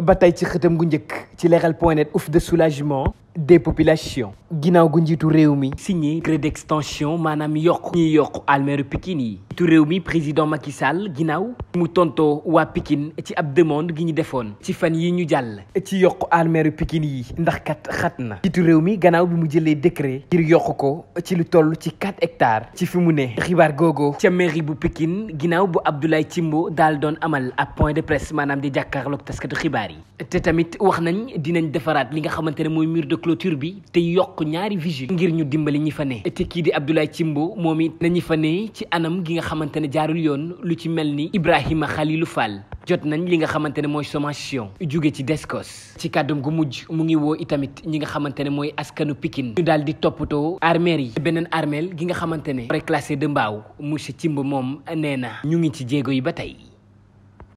ba tey ci xëtam gu njëkk ci leral point net ouf de soulagement des populations ginnaaw gu njiitu réew mi signé décret d'extension maanaam yokk ñuy yokk almeeru Pikine yi njiitu réew mi président Macky Sall ginnaaw mu tontoo waa Pikine ci ab demande gi ñu defoon ci fan yi ñu jàll ci yokk almeeru Pikine yi ndax kat xat na njiitu réew mi gannaaw bi mu jëlee décret ngir yokk ko ci lu toll ci 4 hectares ci fi mu ne xibaar googoo ca mairie bu Pikine ginnaaw bu Abdoulaye Timbo daal doon amal ab point de presse maanaam di jàkkaarloog xibaar yi te tamit wax dinañ defaraat li nga xamante ne mooy mur clôture bi te yokk ñaari vigile ngir ñu dimbali ñi fa ne te kii di Abdoulaye Thimbo moom it nañu fa ne ci anam gi nga xamante ne jaarul yoon lu ci mel ni Ibrahima xalilu Fall jot nañ li nga xamante ne mooy sommation jóge ci Descos ci kàddum gu mujj mu ngi woo itamit ñi nga xamante ne mooy askanu Pikine ñu daal di toppatoo armeel yi beneen armeel gi nga xamante ne reclassé de mbaaw monsieur Thimbo moom nee na ñu ngi ci jéego yi ba tey